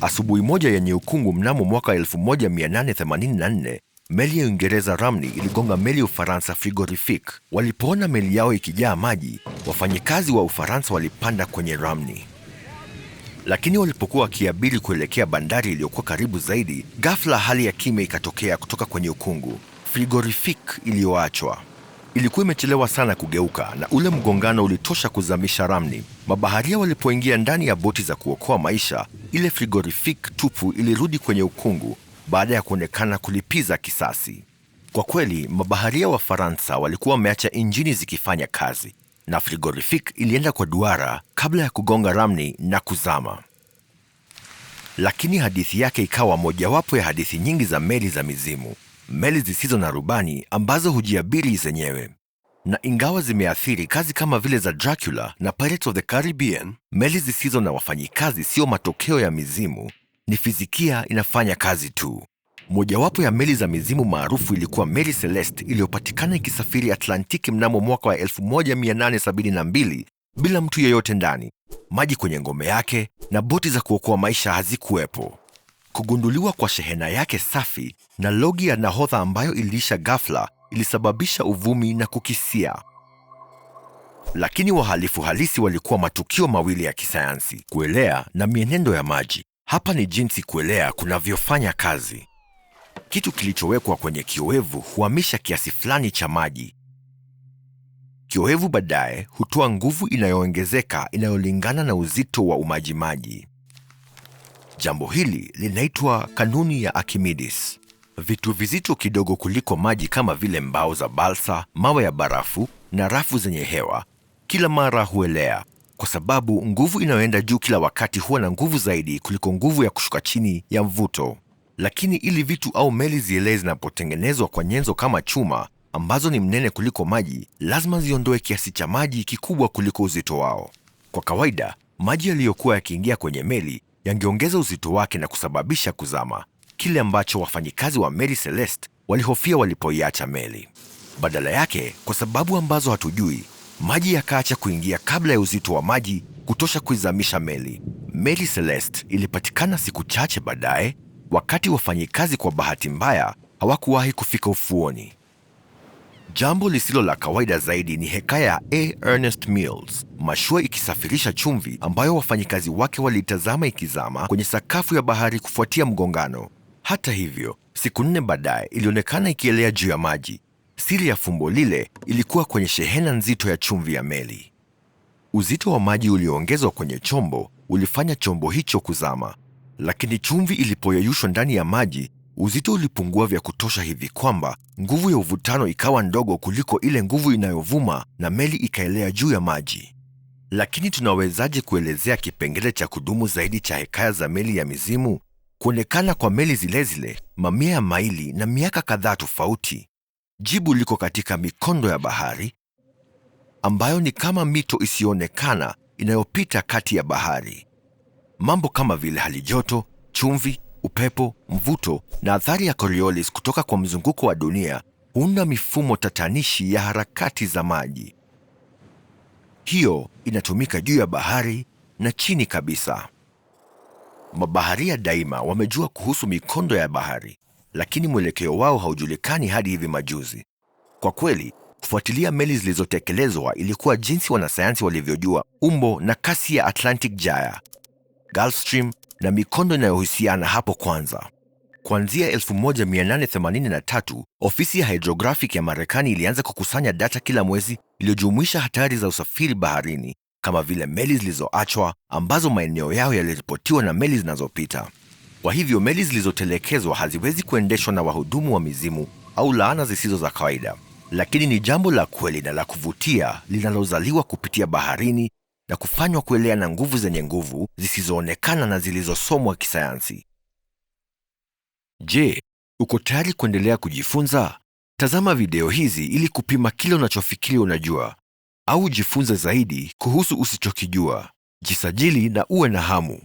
Asubuhi moja yenye ukungu mnamo mwaka 1884 meli ya Uingereza Ramni iligonga meli ya Ufaransa Frigorifique. Walipoona meli yao ikijaa maji, wafanyikazi wa Ufaransa walipanda kwenye Ramni, lakini walipokuwa wakiabiri kuelekea bandari iliyokuwa karibu zaidi, ghafla hali ya kimya ikatokea kutoka kwenye ukungu. Frigorifique iliyoachwa ilikuwa imechelewa sana kugeuka na ule mgongano ulitosha kuzamisha Ramni. Mabaharia walipoingia ndani ya boti za kuokoa maisha, ile frigorifiki tupu ilirudi kwenye ukungu baada ya kuonekana kulipiza kisasi. Kwa kweli, mabaharia wa Faransa walikuwa wameacha injini zikifanya kazi na frigorifiki ilienda kwa duara kabla ya kugonga ramni na kuzama. Lakini hadithi yake ikawa mojawapo ya hadithi nyingi za meli za mizimu, meli zisizo na rubani ambazo hujiabiri zenyewe na ingawa zimeathiri kazi kama vile za Dracula na Pirates of the Caribbean, meli zisizo na wafanyikazi sio matokeo ya mizimu, ni fizikia inafanya kazi tu. Mojawapo ya meli za mizimu maarufu ilikuwa meli Celeste iliyopatikana ikisafiri Atlantiki mnamo mwaka wa 1872 bila mtu yeyote ndani, maji kwenye ngome yake na boti za kuokoa maisha hazikuwepo. Kugunduliwa kwa shehena yake safi na logi ya nahodha ambayo iliisha ghafla ilisababisha uvumi na kukisia. Lakini wahalifu halisi walikuwa matukio mawili ya kisayansi, kuelea na mienendo ya maji. Hapa ni jinsi kuelea kunavyofanya kazi. Kitu kilichowekwa kwenye kiowevu huhamisha kiasi fulani cha maji. Kiowevu baadaye hutoa nguvu inayoongezeka inayolingana na uzito wa umajimaji. Jambo hili linaitwa kanuni ya Archimedes vitu vizito kidogo kuliko maji kama vile mbao za balsa, mawe ya barafu na rafu zenye hewa kila mara huelea, kwa sababu nguvu inayoenda juu kila wakati huwa na nguvu zaidi kuliko nguvu ya kushuka chini ya mvuto. Lakini ili vitu au meli zielee zinapotengenezwa kwa nyenzo kama chuma ambazo ni mnene kuliko maji, lazima ziondoe kiasi cha maji kikubwa kuliko uzito wao. Kwa kawaida, maji yaliyokuwa yakiingia kwenye meli yangeongeza uzito wake na kusababisha kuzama kile ambacho wafanyikazi wa Mary Celeste walihofia walipoiacha meli. Badala yake, kwa sababu ambazo hatujui, maji yakaacha kuingia kabla ya uzito wa maji kutosha kuizamisha meli. Mary Celeste ilipatikana siku chache baadaye, wakati wafanyikazi kwa bahati mbaya hawakuwahi kufika ufuoni. Jambo lisilo la kawaida zaidi ni hekaya ya A. Ernest Mills, mashua ikisafirisha chumvi ambayo wafanyikazi wake waliitazama ikizama kwenye sakafu ya bahari kufuatia mgongano. Hata hivyo, siku nne baadaye ilionekana ikielea juu ya maji. Siri ya fumbo lile ilikuwa kwenye shehena nzito ya chumvi ya meli. Uzito wa maji ulioongezwa kwenye chombo ulifanya chombo hicho kuzama, lakini chumvi ilipoyeyushwa ndani ya maji, uzito ulipungua vya kutosha hivi kwamba nguvu ya uvutano ikawa ndogo kuliko ile nguvu inayovuma na meli ikaelea juu ya maji. Lakini tunawezaje kuelezea kipengele cha kudumu zaidi cha hekaya za meli ya mizimu? kuonekana kwa meli zilezile mamia ya maili na miaka kadhaa tofauti. Jibu liko katika mikondo ya bahari ambayo ni kama mito isiyoonekana inayopita kati ya bahari. Mambo kama vile halijoto, chumvi, upepo, mvuto na athari ya Coriolis kutoka kwa mzunguko wa dunia huunda mifumo tatanishi ya harakati za maji. Hiyo inatumika juu ya bahari na chini kabisa. Mabaharia daima wamejua kuhusu mikondo ya bahari, lakini mwelekeo wao haujulikani hadi hivi majuzi. Kwa kweli, kufuatilia meli zilizotekelezwa ilikuwa jinsi wanasayansi walivyojua umbo na kasi ya Atlantic Gyre, Gulfstream na mikondo inayohusiana hapo kwanza. Kuanzia 1883 ofisi ya hydrographic ya Marekani ilianza kukusanya data kila mwezi iliyojumuisha hatari za usafiri baharini, kama vile meli zilizoachwa ambazo maeneo yao yaliripotiwa na meli zinazopita. Kwa hivyo meli zilizotelekezwa haziwezi kuendeshwa na wahudumu wa mizimu au laana zisizo za kawaida, lakini ni jambo la kweli na la kuvutia linalozaliwa kupitia baharini na kufanywa kuelea na nguvu zenye nguvu zisizoonekana na zilizosomwa kisayansi. Je, uko tayari kuendelea kujifunza? Tazama video hizi ili kupima kile unachofikiri unajua au jifunze zaidi kuhusu usichokijua. Jisajili na uwe na hamu.